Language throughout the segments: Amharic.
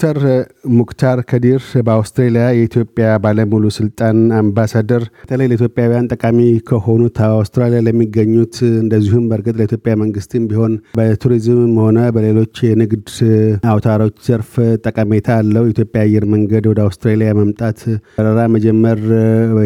ዶክተር ሙክታር ከዲር በአውስትሬልያ የኢትዮጵያ ባለሙሉ ስልጣን አምባሳደር፣ በተለይ ለኢትዮጵያውያን ጠቃሚ ከሆኑት አውስትራሊያ ለሚገኙት እንደዚሁም በእርግጥ ለኢትዮጵያ መንግስትም ቢሆን በቱሪዝምም ሆነ በሌሎች የንግድ አውታሮች ዘርፍ ጠቀሜታ አለው የኢትዮጵያ አየር መንገድ ወደ አውስትራሊያ መምጣት በረራ መጀመር።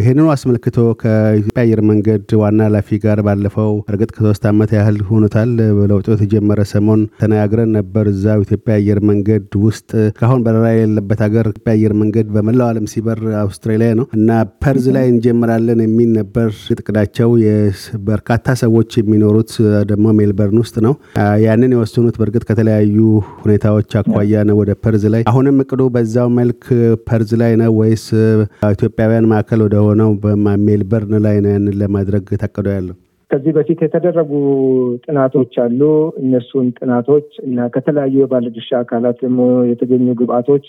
ይህንኑ አስመልክቶ ከኢትዮጵያ አየር መንገድ ዋና ኃላፊ ጋር ባለፈው እርግጥ ከሶስት ዓመት ያህል ሆኖታል በለውጦ የተጀመረ ሰሞን ተነጋግረን ነበር እዛው ኢትዮጵያ አየር መንገድ ውስጥ እስካሁን በረራ የሌለበት ሀገር ኢትዮጵያ አየር መንገድ በመላው ዓለም ሲበር አውስትራሊያ ነው እና ፐርዝ ላይ እንጀምራለን የሚል ነበር እቅዳቸው። በርካታ ሰዎች የሚኖሩት ደግሞ ሜልበርን ውስጥ ነው። ያንን የወሰኑት በእርግጥ ከተለያዩ ሁኔታዎች አኳያ ነው ወደ ፐርዝ ላይ። አሁንም እቅዱ በዛው መልክ ፐርዝ ላይ ነው ወይስ ኢትዮጵያውያን ማዕከል ወደሆነው ሜልበርን ላይ ነው ያንን ለማድረግ ታቅዶ ያለው? ከዚህ በፊት የተደረጉ ጥናቶች አሉ። እነሱን ጥናቶች እና ከተለያዩ የባለድርሻ አካላት ደግሞ የተገኙ ግብአቶች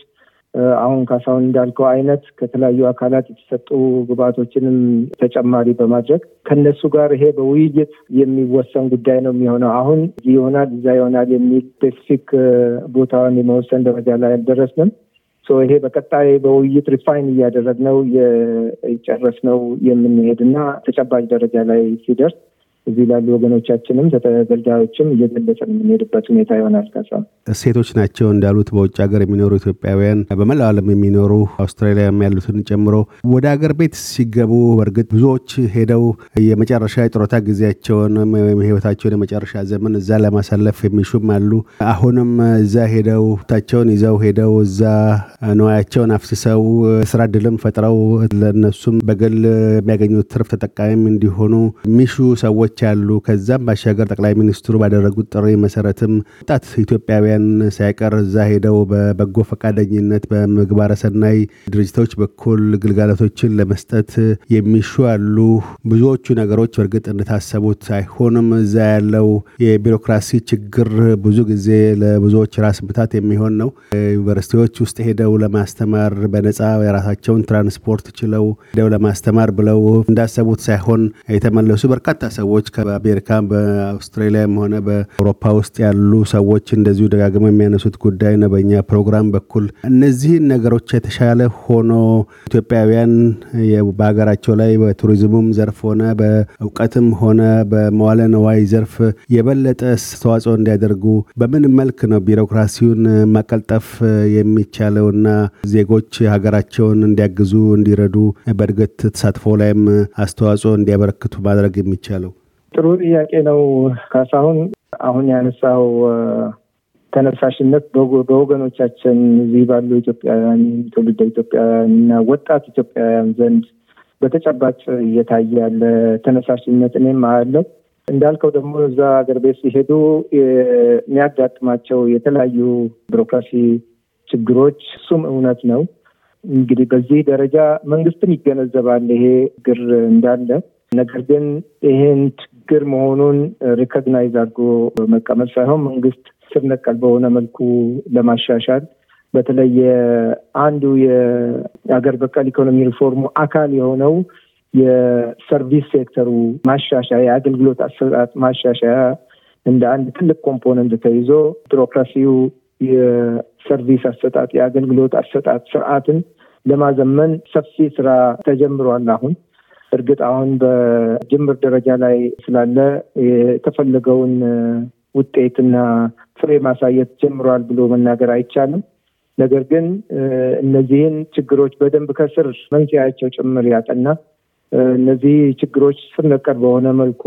አሁን ካሳሁን እንዳልከው አይነት ከተለያዩ አካላት የተሰጡ ግብአቶችንም ተጨማሪ በማድረግ ከነሱ ጋር ይሄ በውይይት የሚወሰን ጉዳይ ነው የሚሆነው። አሁን እዚህ ይሆናል እዛ ይሆናል የሚል ስፔሲፊክ ቦታውን የመወሰን ደረጃ ላይ አልደረስንም። ይሄ በቀጣይ በውይይት ሪፋይን እያደረግነው የጨረስነው የምንሄድ እና ተጨባጭ ደረጃ ላይ ሲደርስ እዚህ ላሉ ወገኖቻችንም ተገልጋዮችም እየገለጸ የምንሄድበት ሁኔታ ይሆናል። ከዛ ሴቶች ናቸው እንዳሉት በውጭ ሀገር የሚኖሩ ኢትዮጵያውያን በመላው ዓለም የሚኖሩ አውስትራሊያም ያሉትን ጨምሮ ወደ ሀገር ቤት ሲገቡ በእርግጥ ብዙዎች ሄደው የመጨረሻ የጡረታ ጊዜያቸውን ወይም ህይወታቸውን የመጨረሻ ዘመን እዛ ለማሳለፍ የሚሹም አሉ። አሁንም እዛ ሄደው ታቸውን ይዘው ሄደው እዛ ንዋያቸውን አፍስሰው ስራ እድልም ፈጥረው ለነሱም በግል የሚያገኙት ትርፍ ተጠቃሚም እንዲሆኑ የሚሹ ሰዎች ጥሪዎች አሉ። ከዛም ባሻገር ጠቅላይ ሚኒስትሩ ባደረጉት ጥሪ መሰረትም ወጣት ኢትዮጵያውያን ሳይቀር እዛ ሄደው በበጎ ፈቃደኝነት በምግባረ ሰናይ ድርጅቶች በኩል ግልጋሎቶችን ለመስጠት የሚሹ አሉ። ብዙዎቹ ነገሮች በእርግጥ እንደታሰቡት አይሆንም። እዛ ያለው የቢሮክራሲ ችግር ብዙ ጊዜ ለብዙዎች ራስ ምታት የሚሆን ነው። ዩኒቨርሲቲዎች ውስጥ ሄደው ለማስተማር በነፃ የራሳቸውን ትራንስፖርት ችለው ሄደው ለማስተማር ብለው እንዳሰቡት ሳይሆን የተመለሱ በርካታ ሰዎች ሌሎች በአሜሪካም በአውስትራሊያም ሆነ በአውሮፓ ውስጥ ያሉ ሰዎች እንደዚሁ ደጋግመው የሚያነሱት ጉዳይ ነው። በእኛ ፕሮግራም በኩል እነዚህን ነገሮች የተሻለ ሆኖ ኢትዮጵያውያን በሀገራቸው ላይ በቱሪዝሙም ዘርፍ ሆነ በእውቀትም ሆነ በመዋለ ነዋይ ዘርፍ የበለጠ አስተዋጽኦ እንዲያደርጉ በምን መልክ ነው ቢሮክራሲውን መቀልጠፍ የሚቻለው እና ዜጎች ሀገራቸውን እንዲያግዙ እንዲረዱ በእድገት ተሳትፎ ላይም አስተዋጽኦ እንዲያበረክቱ ማድረግ የሚቻለው? ጥሩ ጥያቄ ነው ካሳሁን። አሁን ያነሳው ተነሳሽነት በወገኖቻችን እዚህ ባሉ ኢትዮጵያውያን፣ ትውልደ ኢትዮጵያውያን እና ወጣት ኢትዮጵያውያን ዘንድ በተጨባጭ እየታየ ያለ ተነሳሽነት እኔም አያለው። እንዳልከው ደግሞ እዛ ሀገር ቤት ሲሄዱ የሚያጋጥማቸው የተለያዩ ቢሮክራሲ ችግሮች፣ እሱም እውነት ነው። እንግዲህ በዚህ ደረጃ መንግስትም ይገነዘባል ይሄ ግር እንዳለ። ነገር ግን ይህን ችግር መሆኑን ሪኮግናይዝ አድርጎ መቀመጥ ሳይሆን መንግስት ስር ነቀል በሆነ መልኩ ለማሻሻል በተለይ አንዱ የአገር በቀል ኢኮኖሚ ሪፎርሙ አካል የሆነው የሰርቪስ ሴክተሩ ማሻሻያ የአገልግሎት አሰጣጥ ማሻሻያ እንደ አንድ ትልቅ ኮምፖነንት ተይዞ ቢሮክራሲው የሰርቪስ አሰጣጥ የአገልግሎት አሰጣጥ ስርዓትን ለማዘመን ሰፊ ስራ ተጀምሯል አሁን እርግጥ አሁን በጅምር ደረጃ ላይ ስላለ የተፈለገውን ውጤትና ፍሬ ማሳየት ጀምሯል ብሎ መናገር አይቻልም። ነገር ግን እነዚህን ችግሮች በደንብ ከስር መንስኤያቸው ጭምር ያጠና እነዚህ ችግሮች ስር ነቀል በሆነ መልኩ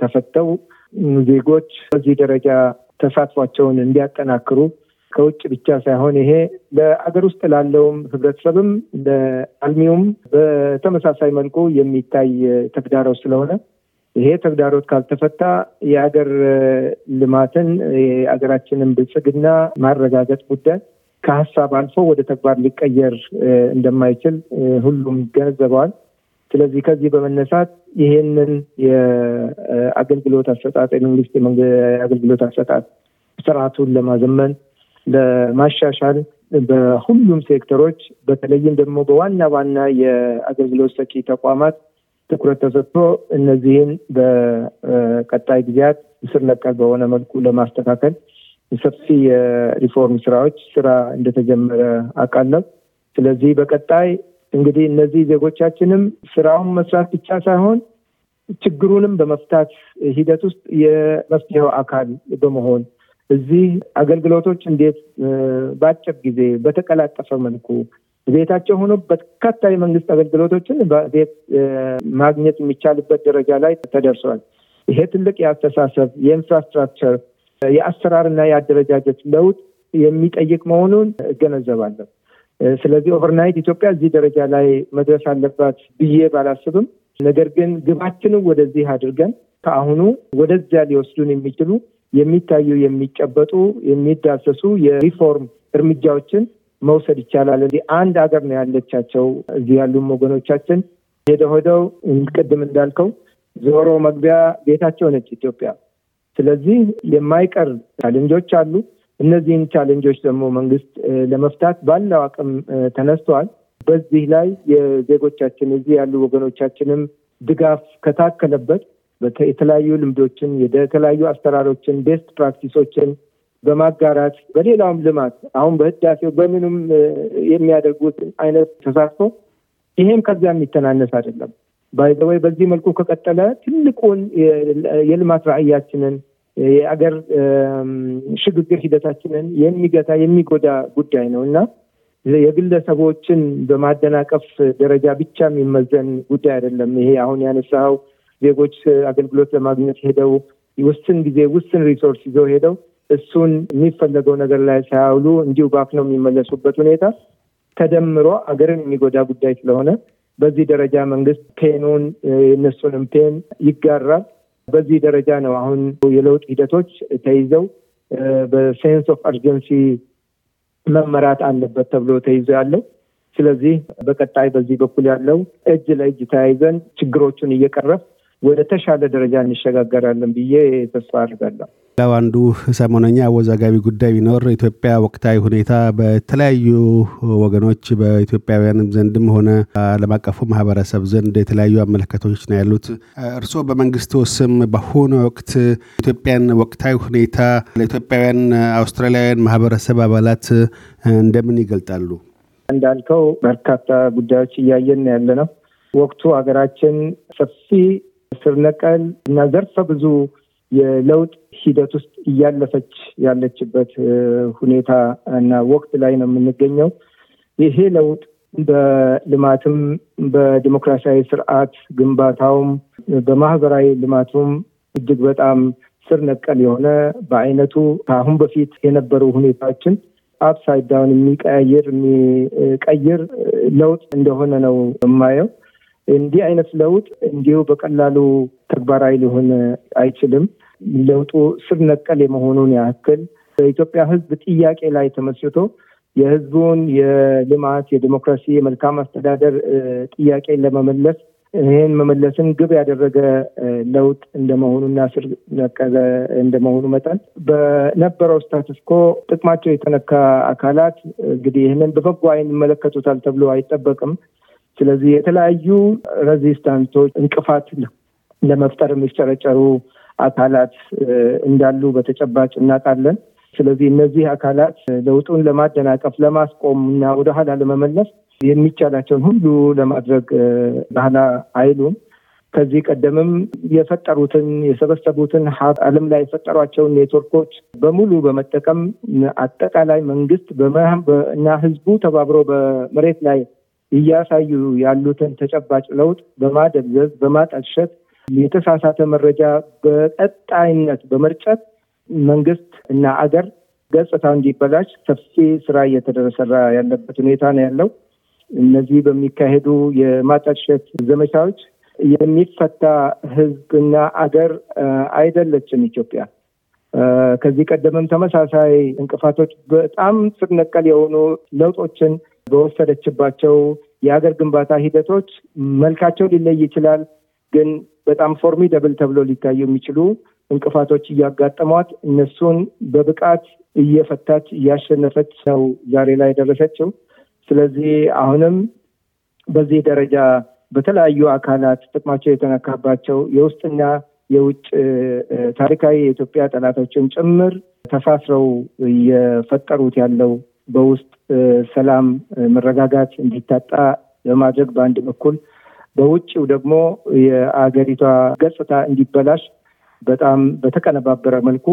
ተፈተው ዜጎች በዚህ ደረጃ ተሳትፏቸውን እንዲያጠናክሩ ከውጭ ብቻ ሳይሆን ይሄ ለአገር ውስጥ ላለውም ህብረተሰብም ለአልሚውም በተመሳሳይ መልኩ የሚታይ ተግዳሮት ስለሆነ ይሄ ተግዳሮት ካልተፈታ የሀገር ልማትን የሀገራችንን ብልጽግና ማረጋገጥ ጉዳይ ከሀሳብ አልፎ ወደ ተግባር ሊቀየር እንደማይችል ሁሉም ይገነዘበዋል። ስለዚህ ከዚህ በመነሳት ይሄንን የአገልግሎት አሰጣጥ የመንግስት የአገልግሎት አሰጣጥ ስርዓቱን ለማዘመን ለማሻሻል በሁሉም ሴክተሮች በተለይም ደግሞ በዋና ዋና የአገልግሎት ሰጪ ተቋማት ትኩረት ተሰጥቶ እነዚህን በቀጣይ ጊዜያት ስር ነቀል በሆነ መልኩ ለማስተካከል ሰፊ የሪፎርም ስራዎች ስራ እንደተጀመረ አውቃለሁ። ስለዚህ በቀጣይ እንግዲህ እነዚህ ዜጎቻችንም ስራውን መስራት ብቻ ሳይሆን ችግሩንም በመፍታት ሂደት ውስጥ የመፍትሄው አካል በመሆን እዚህ አገልግሎቶች እንዴት በአጭር ጊዜ በተቀላጠፈ መልኩ ቤታቸው ሆኖ በርካታ የመንግስት አገልግሎቶችን በቤት ማግኘት የሚቻልበት ደረጃ ላይ ተደርሰዋል ይሄ ትልቅ የአስተሳሰብ የኢንፍራስትራክቸር፣ የአሰራርና የአደረጃጀት ለውጥ የሚጠይቅ መሆኑን እገነዘባለሁ። ስለዚህ ኦቨርናይት ኢትዮጵያ እዚህ ደረጃ ላይ መድረስ አለባት ብዬ ባላስብም፣ ነገር ግን ግባችንም ወደዚህ አድርገን ከአሁኑ ወደዚያ ሊወስዱን የሚችሉ የሚታዩ የሚጨበጡ፣ የሚዳሰሱ የሪፎርም እርምጃዎችን መውሰድ ይቻላል። አንድ ሀገር ነው ያለቻቸው። እዚህ ያሉም ወገኖቻችን ሄደ ሆደው ቅድም እንዳልከው ዞሮ መግቢያ ቤታቸው ነች ኢትዮጵያ። ስለዚህ የማይቀር ቻሌንጆች አሉ። እነዚህን ቻሌንጆች ደግሞ መንግስት ለመፍታት ባለው አቅም ተነስተዋል። በዚህ ላይ የዜጎቻችን እዚህ ያሉ ወገኖቻችንም ድጋፍ ከታከለበት የተለያዩ ልምዶችን የተለያዩ አሰራሮችን ቤስት ፕራክቲሶችን በማጋራት በሌላውም ልማት አሁን በህዳሴው በምንም የሚያደርጉት አይነት ተሳትፎ ይሄም ከዚያ የሚተናነስ አይደለም። ባይዘወይ በዚህ መልኩ ከቀጠለ ትልቁን የልማት ራእያችንን የአገር ሽግግር ሂደታችንን የሚገታ የሚጎዳ ጉዳይ ነው እና የግለሰቦችን በማደናቀፍ ደረጃ ብቻ የሚመዘን ጉዳይ አይደለም። ይሄ አሁን ያነሳው ዜጎች አገልግሎት ለማግኘት ሄደው ውስን ጊዜ ውስን ሪሶርስ ይዘው ሄደው እሱን የሚፈለገው ነገር ላይ ሳያውሉ እንዲሁ ባክነው የሚመለሱበት ሁኔታ ተደምሮ አገርን የሚጎዳ ጉዳይ ስለሆነ በዚህ ደረጃ መንግስት ፔኑን የነሱንም ፔን ይጋራል። በዚህ ደረጃ ነው አሁን የለውጥ ሂደቶች ተይዘው በሴንስ ኦፍ አርጀንሲ መመራት አለበት ተብሎ ተይዞ ያለው። ስለዚህ በቀጣይ በዚህ በኩል ያለው እጅ ለእጅ ተያይዘን ችግሮቹን እየቀረፍ ወደ ተሻለ ደረጃ እንሸጋገራለን ብዬ ተስፋ አድርጋለሁ። ሌላው አንዱ ሰሞነኛ አወዛጋቢ ጉዳይ ቢኖር ኢትዮጵያ ወቅታዊ ሁኔታ በተለያዩ ወገኖች በኢትዮጵያውያንም ዘንድም ሆነ ዓለም አቀፉ ማህበረሰብ ዘንድ የተለያዩ አመለካከቶች ነው ያሉት። እርስዎ በመንግስት ስም በአሁኑ ወቅት ኢትዮጵያን ወቅታዊ ሁኔታ ለኢትዮጵያውያን አውስትራሊያውያን ማህበረሰብ አባላት እንደምን ይገልጣሉ? እንዳልከው በርካታ ጉዳዮች እያየን ያለ ነው። ወቅቱ ሀገራችን ሰፊ ስር ነቀል እና ዘርፈ ብዙ የለውጥ ሂደት ውስጥ እያለፈች ያለችበት ሁኔታ እና ወቅት ላይ ነው የምንገኘው። ይሄ ለውጥ በልማትም በዲሞክራሲያዊ ስርዓት ግንባታውም በማህበራዊ ልማቱም እጅግ በጣም ስር ነቀል የሆነ በአይነቱ ከአሁን በፊት የነበሩ ሁኔታዎችን አፕሳይድ ዳውን የሚቀያየር የሚቀይር ለውጥ እንደሆነ ነው የማየው። እንዲህ አይነት ለውጥ እንዲሁ በቀላሉ ተግባራዊ ሊሆን አይችልም። ለውጡ ስር ነቀል የመሆኑን ያክል በኢትዮጵያ ሕዝብ ጥያቄ ላይ ተመስርቶ የሕዝቡን የልማት፣ የዲሞክራሲ፣ የመልካም አስተዳደር ጥያቄ ለመመለስ ይህን መመለስን ግብ ያደረገ ለውጥ እንደመሆኑና ስር ነቀለ እንደመሆኑ መጠን በነበረው ስታትስኮ ጥቅማቸው የተነካ አካላት እንግዲህ ይህንን በበጎ አይን ይመለከቱታል ተብሎ አይጠበቅም። ስለዚህ የተለያዩ ረዚስታንቶች እንቅፋት ለመፍጠር የሚጨረጨሩ አካላት እንዳሉ በተጨባጭ እናውቃለን። ስለዚህ እነዚህ አካላት ለውጡን ለማደናቀፍ ለማስቆም እና ወደ ኋላ ለመመለስ የሚቻላቸውን ሁሉ ለማድረግ ባህላ አይሉም። ከዚህ ቀደምም የፈጠሩትን የሰበሰቡትን ሀብት ዓለም ላይ የፈጠሯቸውን ኔትወርኮች በሙሉ በመጠቀም አጠቃላይ መንግስት እና ህዝቡ ተባብሮ በመሬት ላይ እያሳዩ ያሉትን ተጨባጭ ለውጥ በማደብዘዝ በማጠልሸት የተሳሳተ መረጃ በቀጣይነት በመርጨት መንግስት እና አገር ገጽታ እንዲበላሽ ሰፊ ስራ እየተደረሰራ ያለበት ሁኔታ ነው ያለው። እነዚህ በሚካሄዱ የማጠልሸት ዘመቻዎች የሚፈታ ህዝብና አገር አይደለችም ኢትዮጵያ። ከዚህ ቀደምም ተመሳሳይ እንቅፋቶች በጣም ስር ነቀል የሆኑ ለውጦችን በወሰደችባቸው የሀገር ግንባታ ሂደቶች መልካቸው ሊለይ ይችላል። ግን በጣም ፎርሚደብል ተብሎ ሊታዩ የሚችሉ እንቅፋቶች እያጋጠሟት እነሱን በብቃት እየፈታች እያሸነፈች ነው ዛሬ ላይ የደረሰችው። ስለዚህ አሁንም በዚህ ደረጃ በተለያዩ አካላት ጥቅማቸው የተነካባቸው የውስጥና የውጭ ታሪካዊ የኢትዮጵያ ጠላቶችን ጭምር ተሳስረው እየፈጠሩት ያለው በውስጥ ሰላም መረጋጋት እንዲታጣ ለማድረግ በአንድ በኩል በውጭው ደግሞ የአገሪቷ ገጽታ እንዲበላሽ በጣም በተቀነባበረ መልኩ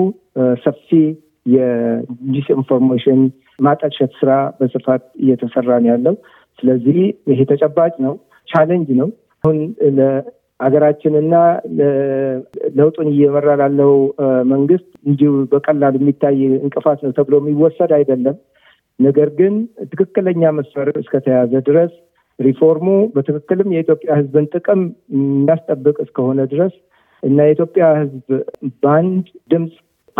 ሰፊ የዲስኢንፎርሜሽን ማጠልሸት ስራ በስፋት እየተሰራ ነው ያለው። ስለዚህ ይሄ ተጨባጭ ነው፣ ቻሌንጅ ነው። አሁን ለሀገራችንና ለውጡን እየመራ ላለው መንግስት እንዲሁ በቀላሉ የሚታይ እንቅፋት ነው ተብሎ የሚወሰድ አይደለም። ነገር ግን ትክክለኛ መስመር እስከተያዘ ድረስ ሪፎርሙ በትክክልም የኢትዮጵያ ሕዝብን ጥቅም የሚያስጠብቅ እስከሆነ ድረስ እና የኢትዮጵያ ሕዝብ በአንድ ድምፅ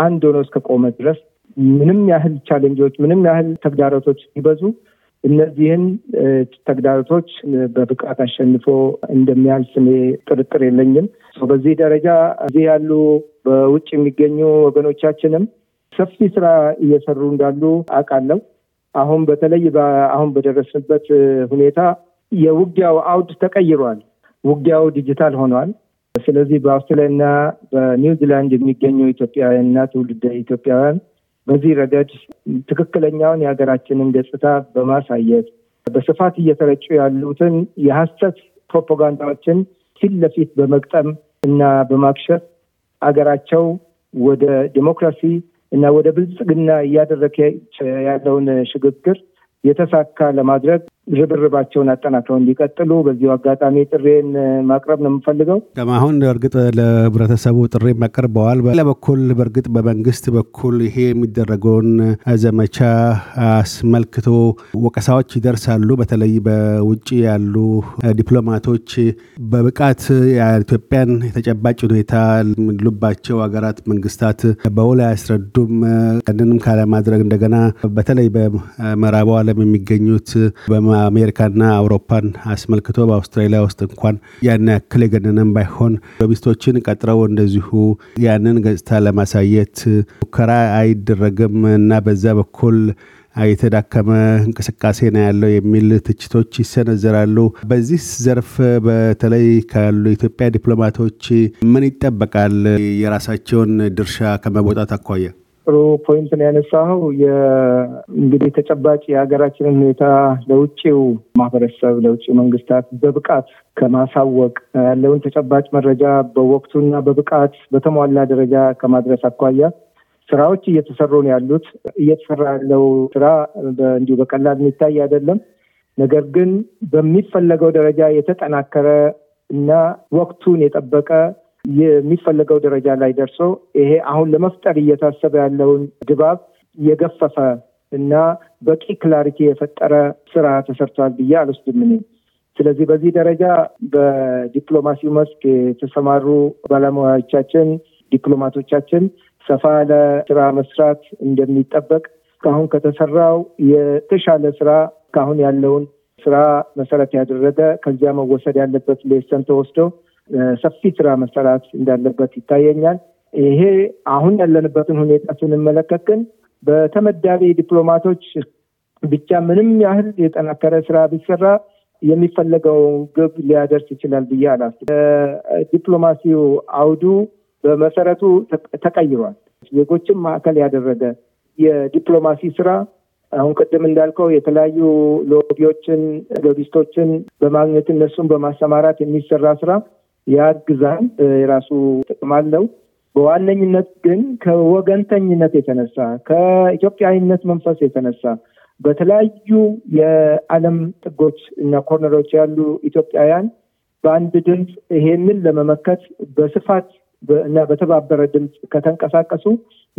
አንድ ሆኖ እስከቆመ ድረስ ምንም ያህል ቻሌንጆች፣ ምንም ያህል ተግዳሮቶች ሲበዙ እነዚህን ተግዳሮቶች በብቃት አሸንፎ እንደሚያልፍ እኔ ጥርጥር የለኝም። በዚህ ደረጃ እዚህ ያሉ በውጭ የሚገኙ ወገኖቻችንም ሰፊ ስራ እየሰሩ እንዳሉ አውቃለሁ። አሁን በተለይ አሁን በደረስንበት ሁኔታ የውጊያው አውድ ተቀይሯል። ውጊያው ዲጂታል ሆኗል። ስለዚህ በአውስትራሊያና በኒውዚላንድ የሚገኙ ኢትዮጵያውያንና ትውልደ ኢትዮጵያውያን በዚህ ረገድ ትክክለኛውን የሀገራችንን ገጽታ በማሳየት በስፋት እየተረጩ ያሉትን የሀሰት ፕሮፓጋንዳዎችን ፊት ለፊት በመግጠም እና በማክሸፍ አገራቸው ወደ ዲሞክራሲ እና ወደ ብልጽግና እያደረገ ያለውን ሽግግር የተሳካ ለማድረግ ርብርባቸውን አጠናክረው እንዲቀጥሉ በዚሁ አጋጣሚ ጥሬን ማቅረብ ነው የምፈልገው። አሁን እርግጥ ለህብረተሰቡ ጥሪ አቅርበዋል። በሌላ በኩል በእርግጥ በመንግስት በኩል ይሄ የሚደረገውን ዘመቻ አስመልክቶ ወቀሳዎች ይደርሳሉ። በተለይ በውጭ ያሉ ዲፕሎማቶች በብቃት የኢትዮጵያን የተጨባጭ ሁኔታ የሚሉባቸው ሀገራት መንግስታት በውል አያስረዱም። ያንንም ካለማድረግ እንደገና በተለይ በምዕራቡ ዓለም የሚገኙት በመ አሜሪካና አውሮፓን አስመልክቶ በአውስትራሊያ ውስጥ እንኳን ያን ያክል የገነነም ባይሆን ሎቢስቶችን ቀጥረው እንደዚሁ ያንን ገጽታ ለማሳየት ሙከራ አይደረግም እና በዛ በኩል የተዳከመ እንቅስቃሴ ነው ያለው የሚል ትችቶች ይሰነዘራሉ። በዚህ ዘርፍ በተለይ ካሉ የኢትዮጵያ ዲፕሎማቶች ምን ይጠበቃል? የራሳቸውን ድርሻ ከመወጣት አኳያ ጥሩ ፖይንት ነው እንግዲህ ተጨባጭ የሀገራችንን ሁኔታ ለውጭው ማህበረሰብ ለውጭው መንግስታት በብቃት ከማሳወቅ ያለውን ተጨባጭ መረጃ በወቅቱና በብቃት በተሟላ ደረጃ ከማድረስ አኳያ ስራዎች እየተሰሩ ነው ያሉት። እየተሰራ ያለው ስራ እንዲሁ በቀላል የሚታይ አይደለም። ነገር ግን በሚፈለገው ደረጃ የተጠናከረ እና ወቅቱን የጠበቀ የሚፈለገው ደረጃ ላይ ደርሶ ይሄ አሁን ለመፍጠር እየታሰበ ያለውን ድባብ የገፈፈ እና በቂ ክላሪቲ የፈጠረ ስራ ተሰርቷል ብዬ አልወስድም። ስለዚህ በዚህ ደረጃ በዲፕሎማሲው መስክ የተሰማሩ ባለሙያዎቻችን፣ ዲፕሎማቶቻችን ሰፋ ያለ ስራ መስራት እንደሚጠበቅ እስካሁን ከተሰራው የተሻለ ስራ እስካሁን ያለውን ስራ መሰረት ያደረገ ከዚያ መወሰድ ያለበት ሌሰን ተወስደው ሰፊ ስራ መሰራት እንዳለበት ይታየኛል። ይሄ አሁን ያለንበትን ሁኔታ ስንመለከት ግን በተመዳቢ ዲፕሎማቶች ብቻ ምንም ያህል የጠናከረ ስራ ቢሰራ የሚፈለገው ግብ ሊያደርስ ይችላል ብዬ አላስብም። ዲፕሎማሲው አውዱ በመሰረቱ ተቀይሯል። ዜጎችን ማዕከል ያደረገ የዲፕሎማሲ ስራ አሁን ቅድም እንዳልከው የተለያዩ ሎቢዎችን፣ ሎቢስቶችን በማግኘት እነሱን በማሰማራት የሚሰራ ስራ ያግዛል፣ የራሱ ጥቅም አለው። በዋነኝነት ግን ከወገንተኝነት የተነሳ ከኢትዮጵያዊነት መንፈስ የተነሳ በተለያዩ የዓለም ጥጎች እና ኮርነሮች ያሉ ኢትዮጵያውያን በአንድ ድምፅ ይሄንን ለመመከት በስፋት እና በተባበረ ድምፅ ከተንቀሳቀሱ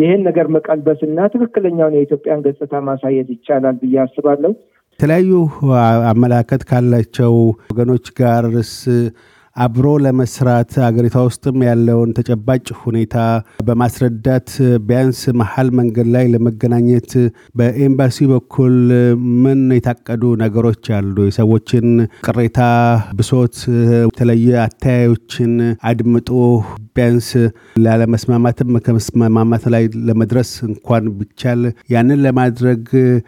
ይሄን ነገር መቀልበስ እና ትክክለኛውን የኢትዮጵያን ገጽታ ማሳየት ይቻላል ብዬ አስባለሁ። የተለያዩ አመላከት ካላቸው ወገኖች ጋርስ አብሮ ለመስራት አገሪቷ ውስጥም ያለውን ተጨባጭ ሁኔታ በማስረዳት ቢያንስ መሀል መንገድ ላይ ለመገናኘት በኤምባሲ በኩል ምን የታቀዱ ነገሮች አሉ? የሰዎችን ቅሬታ፣ ብሶት፣ የተለየ አተያዮችን አድምጦ ቢያንስ ላለመስማማትም ከመስማማት ላይ ለመድረስ እንኳን ቢቻል ያንን ለማድረግ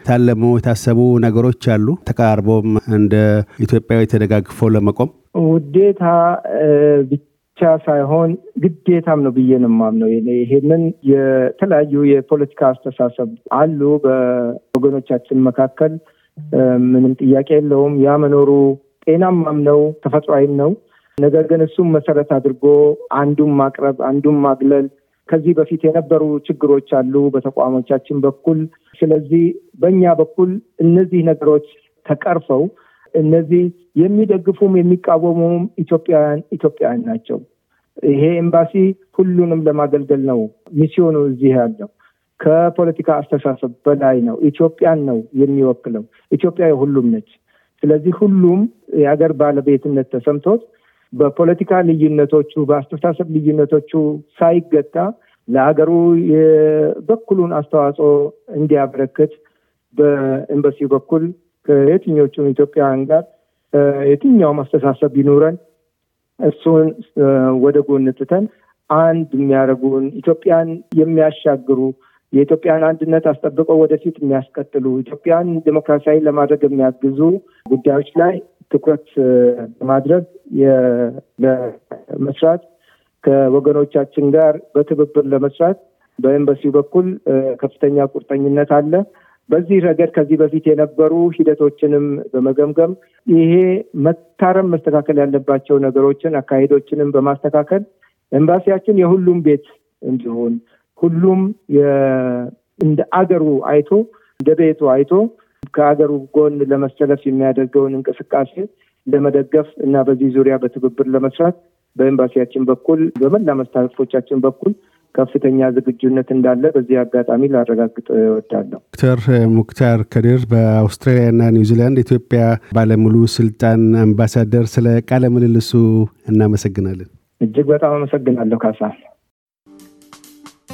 ታለሙ የታሰቡ ነገሮች አሉ ተቀራርቦም እንደ ኢትዮጵያዊ ተደጋግፎ ለመቆም ውዴታ ብቻ ሳይሆን ግዴታም ነው ብዬ ነው የማምነው። ይሄንን የተለያዩ የፖለቲካ አስተሳሰብ አሉ በወገኖቻችን መካከል ምንም ጥያቄ የለውም። ያ መኖሩ ጤናማም ነው፣ ተፈጥሯዊም ነው። ነገር ግን እሱም መሰረት አድርጎ አንዱን ማቅረብ፣ አንዱን ማግለል ከዚህ በፊት የነበሩ ችግሮች አሉ በተቋሞቻችን በኩል። ስለዚህ በእኛ በኩል እነዚህ ነገሮች ተቀርፈው እነዚህ የሚደግፉም የሚቃወሙም ኢትዮጵያውያን ኢትዮጵያውያን ናቸው። ይሄ ኤምባሲ ሁሉንም ለማገልገል ነው ሚስዮኑ እዚህ ያለው ከፖለቲካ አስተሳሰብ በላይ ነው። ኢትዮጵያን ነው የሚወክለው። ኢትዮጵያ የሁሉም ነች። ስለዚህ ሁሉም የሀገር ባለቤትነት ተሰምቶት በፖለቲካ ልዩነቶቹ፣ በአስተሳሰብ ልዩነቶቹ ሳይገታ ለሀገሩ የበኩሉን አስተዋጽኦ እንዲያበረክት በኤምባሲው በኩል ከየትኞቹም ኢትዮጵያውያን ጋር የትኛውም አስተሳሰብ ቢኖረን እሱን ወደ ጎን ትተን አንድ የሚያደርጉን ኢትዮጵያን የሚያሻግሩ የኢትዮጵያን አንድነት አስጠብቀው ወደፊት የሚያስቀጥሉ ኢትዮጵያን ዲሞክራሲያዊ ለማድረግ የሚያግዙ ጉዳዮች ላይ ትኩረት ለማድረግ ለመስራት ከወገኖቻችን ጋር በትብብር ለመስራት በኤምባሲው በኩል ከፍተኛ ቁርጠኝነት አለ። በዚህ ረገድ ከዚህ በፊት የነበሩ ሂደቶችንም በመገምገም ይሄ መታረም መስተካከል ያለባቸው ነገሮችን አካሄዶችንም በማስተካከል ኤምባሲያችን የሁሉም ቤት እንዲሆን ሁሉም እንደ አገሩ አይቶ እንደ ቤቱ አይቶ ከአገሩ ጎን ለመሰለፍ የሚያደርገውን እንቅስቃሴ ለመደገፍ እና በዚህ ዙሪያ በትብብር ለመስራት በኤምባሲያችን በኩል በመላ መስታፎቻችን በኩል ከፍተኛ ዝግጁነት እንዳለ በዚህ አጋጣሚ ላረጋግጥ እወዳለሁ። ዶክተር ሙክታር ከድር በአውስትራሊያና ኒውዚላንድ ኢትዮጵያ ባለሙሉ ስልጣን አምባሳደር፣ ስለ ቃለ ምልልሱ እናመሰግናለን። እጅግ በጣም አመሰግናለሁ ካሳ።